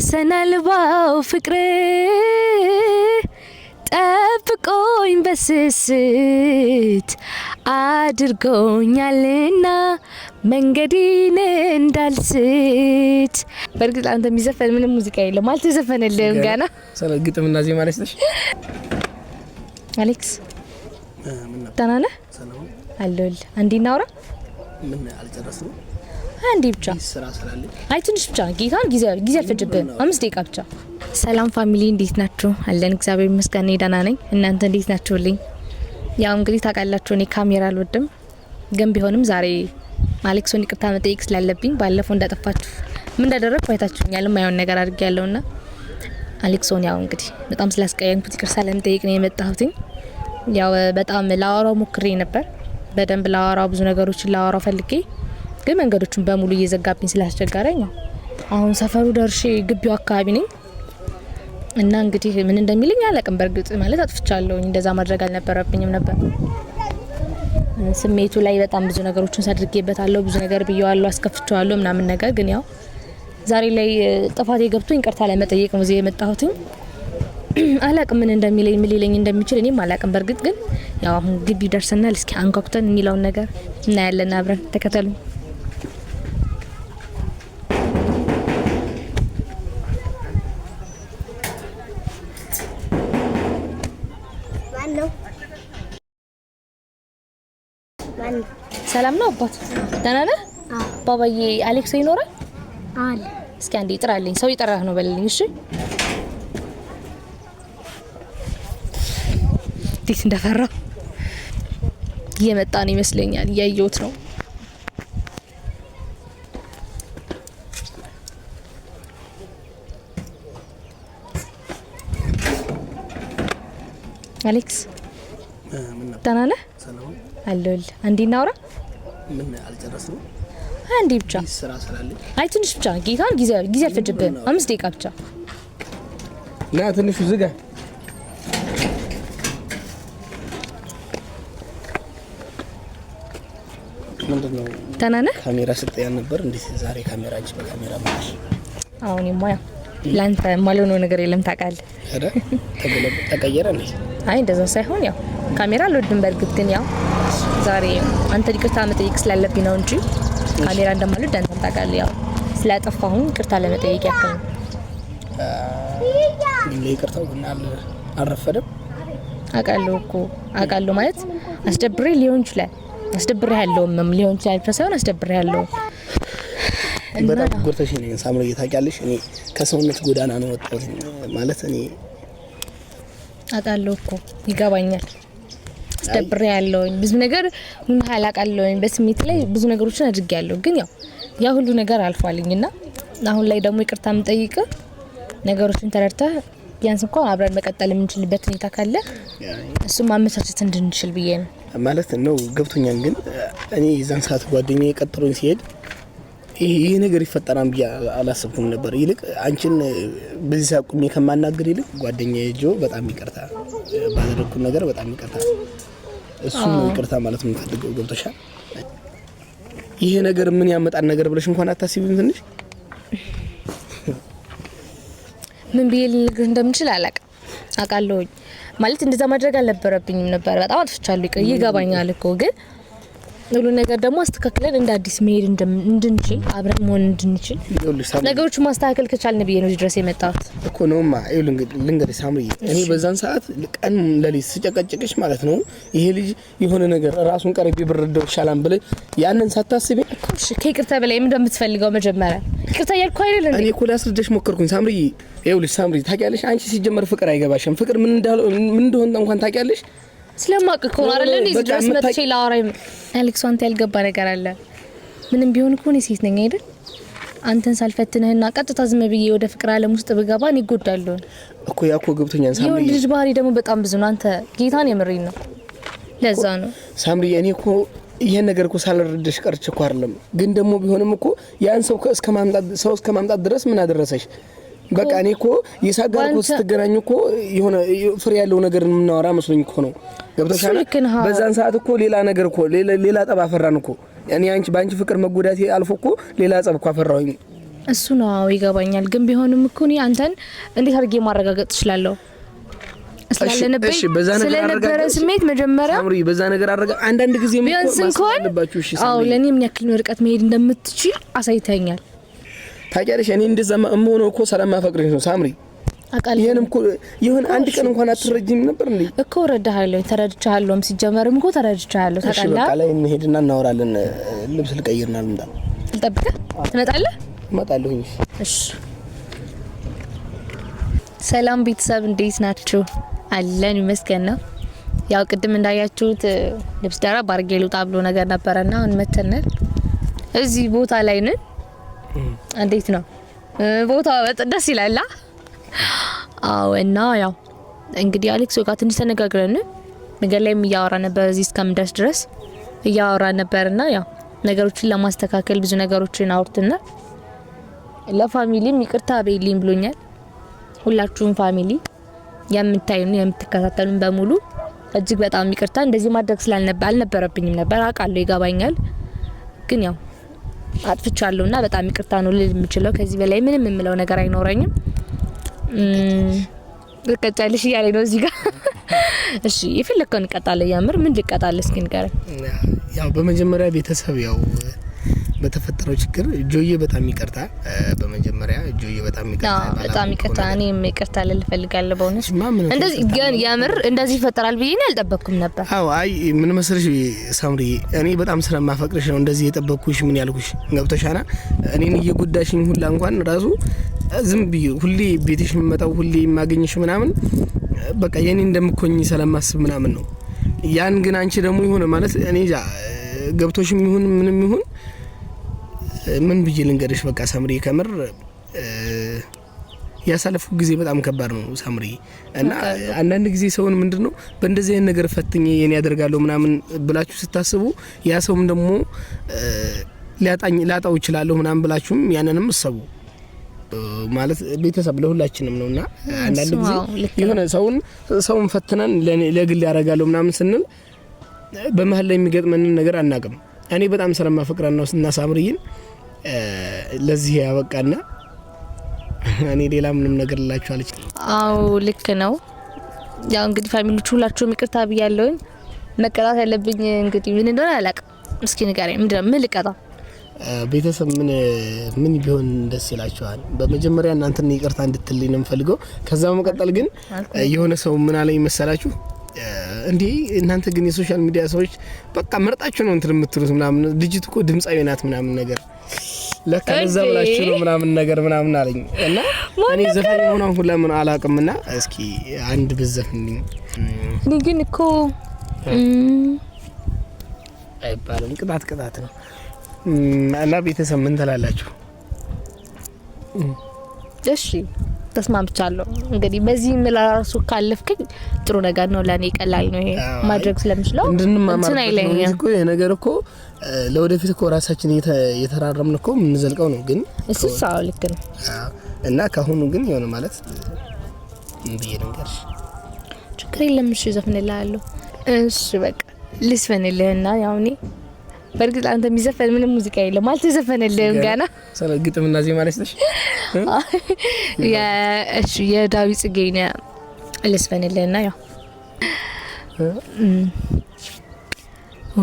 ወሰን አልባው ፍቅር ጠብቆኝ በስስት አድርጎኛልና መንገዴን እንዳልስት። በእርግጥ አንተ የሚዘፈን ምንም ሙዚቃ የለም፣ አልተዘፈነልህም ገና። ስለ ግጥምና ዜማ ለስተሽ አሌክስ ደህና ነህ? አለሁልህ። አንዴ እናውራ። ምን አልጨረስንም አንዴ ብቻ አይ ትንሽ ብቻ ጌታን ጊዜ ጊዜ አልፈጅብህም። አምስት ደቂቃ ብቻ። ሰላም ፋሚሊ እንዴት ናችሁ? አለን እግዚአብሔር ይመስገን ደህና ነኝ። እናንተ እንዴት ናችሁልኝ? ያው እንግዲህ ታውቃላችሁ እኔ ካሜራ አልወድም፣ ግን ቢሆንም ዛሬ አሌክሶን ይቅርታ መጠየቅ ስላለብኝ ባለፈው እንዳጠፋችሁ ምን እንዳደረግ አይታችሁኛል። የማይሆን ነገር አድርጌ ያለውና አሌክሶን ያው እንግዲህ በጣም ስላስቀየምኩት ይቅርታ ለመጠየቅ ነው የመጣሁትኝ። ያው በጣም ላወራው ሞክሬ ነበር፣ በደንብ ላወራው ብዙ ነገሮችን ላወራው ፈልጌ ግን መንገዶቹን በሙሉ እየዘጋብኝ ስላስቸገረኝ ነው አሁን ሰፈሩ ደርሼ ግቢው አካባቢ ነኝ እና እንግዲህ ምን እንደሚልኝ አላቅም። በእርግጥ ማለት አጥፍቻለሁኝ፣ እንደዛ ማድረግ አልነበረብኝም ነበር። ስሜቱ ላይ በጣም ብዙ ነገሮችን ሳድርጌበታለሁ፣ ብዙ ነገር ብየዋለሁ፣ አስከፍቸዋለሁ ምናምን ነገር ግን ያው ዛሬ ላይ ጥፋት የገብቶኝ ይቅርታ ለመጠየቅ ነው እዚህ የመጣሁትኝ። አላቅም ምን እንደሚለኝ ምን ሊለኝ እንደሚችል እኔም አላቅም። በእርግጥ ግን ያው አሁን ግቢ ደርሰናል። እስኪ አንኳኩተን የሚለውን ነገር እናያለን። አብረን ተከተሉኝ። ሰላም ነው አባት? ደህና ነህ? ባባዬ አሌክስ ይኖራል? አለ። እስኪ አንዴ ይጥራልኝ። ሰው ይጠራህ ነው በልልኝ። እሺ። እንዴት እንደፈራ እየመጣ ነው ይመስለኛል። እያየሁት ነው። አሌክስ ደህና ነህ? አለል አንዴ እናውራ። ምን ነው? አንዴ ብቻ ስራ ስላለኝ። አይ ትንሽ ብቻ ጌታን፣ ጊዜ ጊዜ አልፈጅብህም። አምስት ደቂቃ ብቻ ና። ትንሹ ዝጋ። ምንድነው? ደህና ነህ? ካሜራ ስልጠና ነበር። እንዴ? ዛሬ ካሜራ እንጂ በካሜራ ማለት አሁን የማያ ለአንተ የማልሆነው ነገር የለም ታውቃለህ። ተቀየረ ነ አይ እንደዛ ሳይሆን ያው ካሜራ አልወድም። በእርግጥ ግን ያው ዛሬ አንተ ይቅርታ መጠየቅ ስላለብኝ ነው እንጂ ካሜራ እንደማልወድ አንተም ታውቃለህ። ያው ስላጠፋሁኝ ይቅርታ ለመጠየቅ ያክል ነው። ይቅርታው ግን አልረፈደም። አውቃለሁ እኮ አውቃለሁ። ማለት አስደብሬ ሊሆን ይችላል አስደብሬ ያለውም ሊሆን ይችላል ሳይሆን አስደብሬ ያለውም በጣም ጎርተሽ ነኝ ሳምሮ ታውቂያለሽ። እኔ ከሰውነት ጎዳና ነው ወጣሁት ማለት እኔ አውቃለሁ እኮ ይገባኛል። አስደብሬ ያለውኝ ብዙ ነገር ምን አላውቃለሁኝ። በስሜት ላይ ብዙ ነገሮችን አድርጌ ያለው ግን ያው ያ ሁሉ ነገር አልፏልኝና አሁን ላይ ደግሞ ይቅርታ የምጠይቅ ነገሮችን ተረድተህ ቢያንስ እንኳን አብረን መቀጠል የምንችልበት ሁኔታ ካለ እሱም ማመቻቸት እንድንችል ብዬ ነው ማለት ነው። ገብቶኛል። ግን እኔ የዛን ሰዓት ጓደኛዬ ቀጥሮኝ ሲሄድ ይሄ ነገር ይፈጠራል ብዬ አላሰብኩም ነበር። ይልቅ አንቺን በዚህ ሰዓት ከማናገር ይልቅ ጓደኛዬ ጆ በጣም ይቅርታ ባደረግኩት ነገር በጣም ይቅርታ። እሱም ነው ይቅርታ ማለት የምንፈልገው። ገብቶሻል? ይሄ ነገር ምን ያመጣል ነገር ብለሽ እንኳን አታስቢም። ትንሽ ምን ብዬ ልነግርህ እንደምችል አላውቅም። አውቃለሁኝ ማለት እንደዛ ማድረግ አልነበረብኝም ነበር። በጣም አጥፍቻለሁ፣ ይገባኛል እኮ ግን ሁሉ ነገር ደግሞ አስተካክለን እንደ አዲስ መሄድ እንድንችል አብረን መሆን እንድንችል ነገሮችን ማስተካከል ከቻልን ብዬ ነው ድረስ የመጣሁት እኮ ነውማ። ልንገርሽ ሳምሪ፣ እኔ በዛን ሰዓት ቀን ለሊት ስጨቀጭቅሽ ማለት ነው ይሄ ልጅ የሆነ ነገር ራሱን ቀርቤ ብረዳው ይሻላል ብለ ያንን ሳታስቢ ከይቅርታ በላይ ምን እንደምትፈልገው መጀመሪያ ይቅርታ እያልኩ አይደል እንዴ? እኔ እኮ ላስረዳሽ ሞከርኩኝ ሳምሪ። ይኸውልሽ ሳምሪ፣ ታውቂያለሽ አንቺ ሲጀመር ፍቅር አይገባሽም። ፍቅር ምን እንደሆነ እንኳን ታውቂያለሽ ስለማቅ እኮ ነው አይደል? እንደዚህ ድረስ መጥቼ ላወራኝ። አሌክስ አንተ ያልገባ ነገር አለ። ምንም ቢሆን እኮ እኔ ሴት ነኝ አይደል? አንተን ሳልፈትንህና ቀጥታ ዝም ብዬ ወደ ፍቅር አለም ውስጥ ብገባ እኔ እጎዳለሁ እኮ። ያ እኮ ገብቶኛል። ሳምሪ የወንድ ልጅ ባህሪ ደግሞ በጣም ብዙ ነው። አንተ ጌታን የምሬን ነው። ለዛ ነው ሳምሪ፣ እኔ እኮ ይህን ነገር እኮ ሳልረደሽ ቀርቼ እኮ አይደለም። ግን ደግሞ ቢሆንም እኮ ያን ሰው እስከ ማምጣት ድረስ ምን አደረሰሽ? በቃ እኔ እኮ የሳጋር እኮ ስትገናኙ እኮ የሆነ ፍሬ ያለው ነገር የምናወራ መስሎኝ እኮ ነው። ገብቶሻል? በዛን ሰዓት እኮ ሌላ ነገር እኮ ሌላ ጠብ አፈራን እኮ እኔ አንቺ በአንቺ ፍቅር መጎዳት አልፎ እኮ ሌላ ጸብ እኮ አፈራሁኝ። እሱ ነው። አዎ ይገባኛል። ግን ቢሆንም እኮ እኔ አንተን እንዴት አድርጌ ማረጋገጥ እችላለሁ? ስላለንብኝ ስለነበረ ስሜት መጀመሪያ በዛ ነገር አረጋ አንዳንድ ጊዜ ቢያንስ እንኳን አዎ ለእኔ ምን ያክል ርቀት መሄድ እንደምትችል አሳይተኛል። ታውቂያለሽ፣ እኔ እንደዛ የምሆነው እኮ ሰላም ማፈቅርሽ ነው ሳምሪ። አቃል ይሄንም እኮ ይሁን አንድ ቀን እንኳን አትረጅም ነበር እንዴ? እኮ ረዳሃለሁ፣ ተረድቻለሁም። ሲጀመርም እኮ ተረድቻለሁ። ታውቃለህ። በቃ ላይ እንሄድና እናወራለን። ልብስ ልቀይርና ልምጣ። ልጠብቅህ? ትመጣለህ? እመጣለሁ። እሺ። ሰላም ቤተሰብ፣ እንዴት ናችሁ? አለን ይመስገን ነው። ያው ቅድም እንዳያችሁት ልብስ ደራ ባርጌ ልውጣ ብሎ ነገር ነበረና አሁን መተናል። እዚህ ቦታ ላይ ነን እንዴት ነው ቦታ ወጥ ደስ ይላል። አዎ። እና ያው እንግዲህ አሌክስ ጋር ትንሽ ተነጋግረን ነገር ላይም እያወራ ነበር እዚህ እስከምደርስ ድረስ እያወራ ነበርና ያው ነገሮችን ለማስተካከል ብዙ ነገሮችን አውርትና ለፋሚሊም ይቅርታ በይልኝ ብሎኛል። ሁላችሁም ፋሚሊ የምታዩን የምትከታተሉን በሙሉ እጅግ በጣም ይቅርታ። እንደዚህ ማድረግ ስላልነበር አልነበረብኝም ነበር አውቃለሁ፣ ይገባኛል ግን ያው አጥፍቻለሁ እና በጣም ይቅርታ ነው ልል የምችለው። ከዚህ በላይ ምንም የምለው ነገር አይኖረኝም። ልቀጫልሽ እያለ ነው እዚህ ጋር። እሺ የፈለግከውን እንቀጣለ። ያምር ምን ልቀጣለ እስኪ ንገረን። ያው በመጀመሪያ ቤተሰብ ያው የተፈጠረው ችግር እጆዬ በጣም ይቅርታ፣ በመጀመሪያ እጆዬ በጣም ይቅርታ፣ በጣም ይቅርታ። እኔም ይቅርታ ልል እፈልጋለሁ። በእውነት እንደዚህ ግን የምር እንደዚህ ይፈጠራል ብዬ እኔ አልጠበቅኩም ነበር። አዎ፣ አይ ምን መሰለሽ ሳምሪ፣ እኔ በጣም ስለማፈቅርሽ ነው እንደዚህ የጠበቅኩሽ። ምን ያልኩሽ ገብቶሻና እኔን እየጎዳሽኝ ሁላ እንኳን ራሱ ዝም ብዬ ሁሌ ቤትሽ የምመጣው ሁሌ የማገኝሽ ምናምን በቃ የኔ እንደምኮኝ ስለማስብ ምናምን ነው። ያን ግን አንቺ ደግሞ ይሆነ ማለት እኔ ገብቶሽም ይሁን ምንም ይሁን ምን ብዬ ልንገርሽ፣ በቃ ሰምሪ ከምር ያሳለፉ ጊዜ በጣም ከባድ ነው ሳምሪ። እና አንዳንድ ጊዜ ሰውን ምንድን ነው በእንደዚህ አይነት ነገር ፈትኜ የኔ ያደርጋለሁ ምናምን ብላችሁ ስታስቡ ያ ሰውም ደግሞ ላጣው ይችላለሁ ምናምን ብላችሁም ያንንም እሰቡ ማለት ቤተሰብ ለሁላችንም ነው። እና አንዳንድ ጊዜ የሆነ ሰውን ሰውን ፈትነን ለግል ያደርጋለሁ ምናምን ስንል በመሀል ላይ የሚገጥመንን ነገር አናቅም። እኔ በጣም ስለማፈቅራ ነው እና ሳምሪይን ለዚህ ያበቃና እኔ ሌላ ምንም ነገር ልላችሁ አልችልም። አዎ ልክ ነው። ያው እንግዲህ ፋሚሊዎቹ ሁላችሁም ይቅርታ ብያለሁኝ። መቀጣት ያለብኝ እንግዲህ ምን እንደሆነ አላውቅም። እስኪ ንገረኝ፣ ነው ምን ልቀጣ? ቤተሰብ ምን ምን ቢሆን ደስ ይላችኋል? በመጀመሪያ እናንተን ይቅርታ እንድትልኝ ነው የምፈልገው። ከዛ በመቀጠል ግን የሆነ ሰው ምን አለኝ መሰላችሁ እንዲህ እናንተ ግን የሶሻል ሚዲያ ሰዎች በቃ መርጣችሁ ነው እንትን የምትሉት ምናምን ልጅት እኮ ድምፃዊ ናት ምናምን ነገር ለካ ለዛ ብላችሁ ነው ምናምን ነገር ምናምን አለኝ እና እኔ ዘፈን የሆነውን ሁ ለምን አላውቅም። ና እስኪ አንድ ብዘፍንልኝ ግን እኮ አይባልም፣ ቅጣት ቅጣት ነው። እና ቤተሰብ ምን ትላላችሁ? እሺ ተስማምቻለሁ። እንግዲህ በዚህ ምላራሱ ካለፍክኝ ጥሩ ነገር ነው። ለእኔ ቀላል ነው ይሄ ማድረግ ስለምችለው እንድንማማርበት ነው እኮ ይሄ ነገር እኮ ለወደፊት እኮ ራሳችን እየተራረምን እኮ የምንዘልቀው ነው። ግን እሱ ሳው ልክ ነው እና ከአሁኑ ግን የሆነ ማለት ብዬ ነገር ችግር የለም። እሺ ዘፍንላለሁ። እሺ በቃ ልስፈንልህና ያው በእርግጥ አንተ የሚዘፈን ምንም ሙዚቃ የለም፣ አልተዘፈነልህም ገና። ስለ ግጥምና ዜማ ላይ ስለሽ እሺ፣ የዳዊት ጽጌን ልስፈንልህና ያው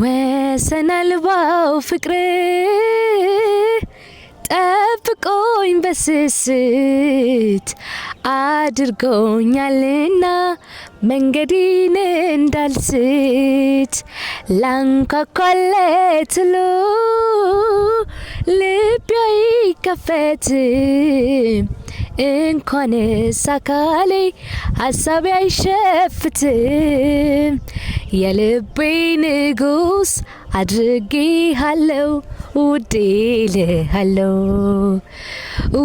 ወሰን አልባው ፍቅር ጠብቆኝ በስስት አድርጎኛልና መንገዴን እንዳልስት ላንኳኳለትሎ ልቤ ይከፈት እንኳንስ አካሌ ሀሳቤ አይሸፍትም። የልቤ ንጉስ አድርጌ አድርጌሃለው ውዴ ልሃለው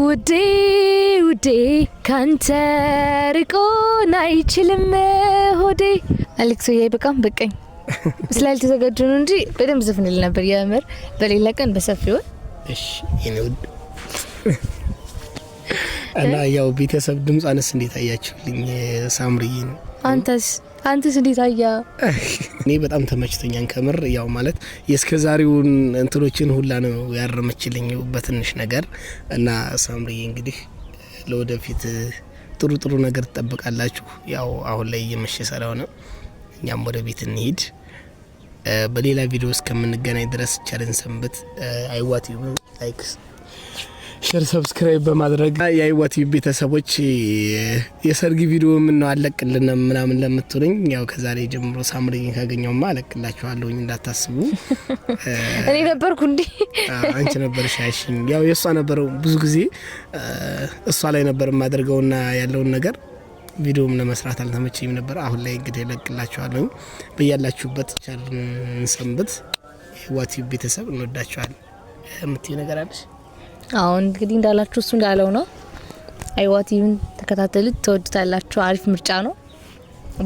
ውዴ ውዴ ካንተ ርቆን አይችልም ሆዴ። አሌክሶዬ በቃም በቀኝ ስላልተዘጋጁ ነው እንጂ በደንብ ዘፍንል ነበር። የምር በሌላ ቀን በሰፊውን እና ያው ቤተሰብ ድምፅ አነስ እንዴት አያችሁልኝ? ሳምርዬ ነው አንተስ አንተስ እንዴት አያ? እኔ በጣም ተመችቶኛን ከምር ያው ማለት የእስከዛሬውን እንትኖችን ሁላ ነው ያረመችልኝ በትንሽ ነገር እና ሳምሪ እንግዲህ ለወደፊት ጥሩ ጥሩ ነገር ትጠብቃላችሁ። ያው አሁን ላይ እየመሸ ስለሆነ እኛም ወደ ቤት እንሂድ። በሌላ ቪዲዮ እስከምንገናኝ ድረስ ቸርን ሰንብት። አይዋት ላይክስ ሼር፣ ሰብስክራይብ በማድረግ የህይወት ቤተሰቦች የሰርግ ቪዲዮ ምን ነው አለቅልን ምናምን ለምትሉኝ ያው ከዛሬ ጀምሮ ሳምሪኝ ካገኘውማ አለቅላችኋለሁኝ እንዳታስቡ። እኔ ነበርኩ እንዲ አንቺ ነበር ሻሽኝ። ያው የእሷ ነበረው ብዙ ጊዜ እሷ ላይ ነበር የማደርገውና ያለውን ነገር ቪዲዮም ለመስራት አልተመቸኝም ነበር። አሁን ላይ እንግዲህ ለቅላችኋለሁ። በያላችሁበት ቻልን ሰንብት። የህዋት ቤተሰብ እንወዳችኋል። የምትይ ነገር አለሽ? አሁን እንግዲህ እንዳላችሁ እሱ እንዳለው ነው። አይዋ ቲቪን ተከታተሉት፣ ትወዱታላችሁ። አሪፍ ምርጫ ነው።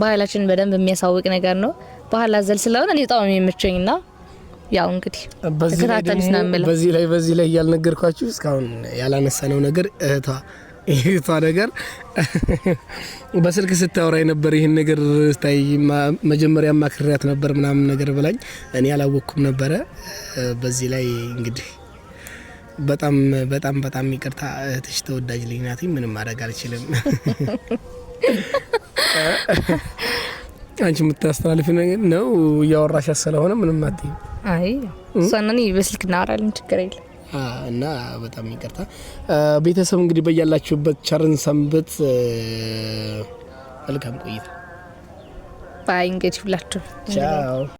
ባህላችንን በደንብ የሚያሳውቅ ነገር ነው። ባህል አዘል ስለሆነ እኔ በጣም የሚመቸኝ ና ያው እንግዲህ ተከታተሉት ነው የምለው። በዚህ ላይ በዚህ ላይ ያልነገርኳችሁ እስካሁን ያላነሳነው ነገር እህቷ ይህቷ ነገር በስልክ ስታወራ ነበር። ይህን ነገር ስታይ መጀመሪያ ማክሪያት ነበር ምናምን ነገር ብላኝ እኔ አላወቅኩም ነበረ። በዚህ ላይ እንግዲህ በጣም በጣም በጣም ይቅርታ እህትሽ ተወዳጅ ልጅ ናት። ምንም ማድረግ አልችልም። አንቺ የምታስተላልፊ ነገር ነው እያወራሽ ስለሆነ ምንም አትይ። አይ እሷና በስልክ እናወራለን፣ ችግር የለ እና በጣም ይቅርታ ቤተሰብ። እንግዲህ በያላችሁበት ቸርን ሰንብት፣ መልካም ቆይታ። ባይ እንግዲህ ሁላችሁ ቻው።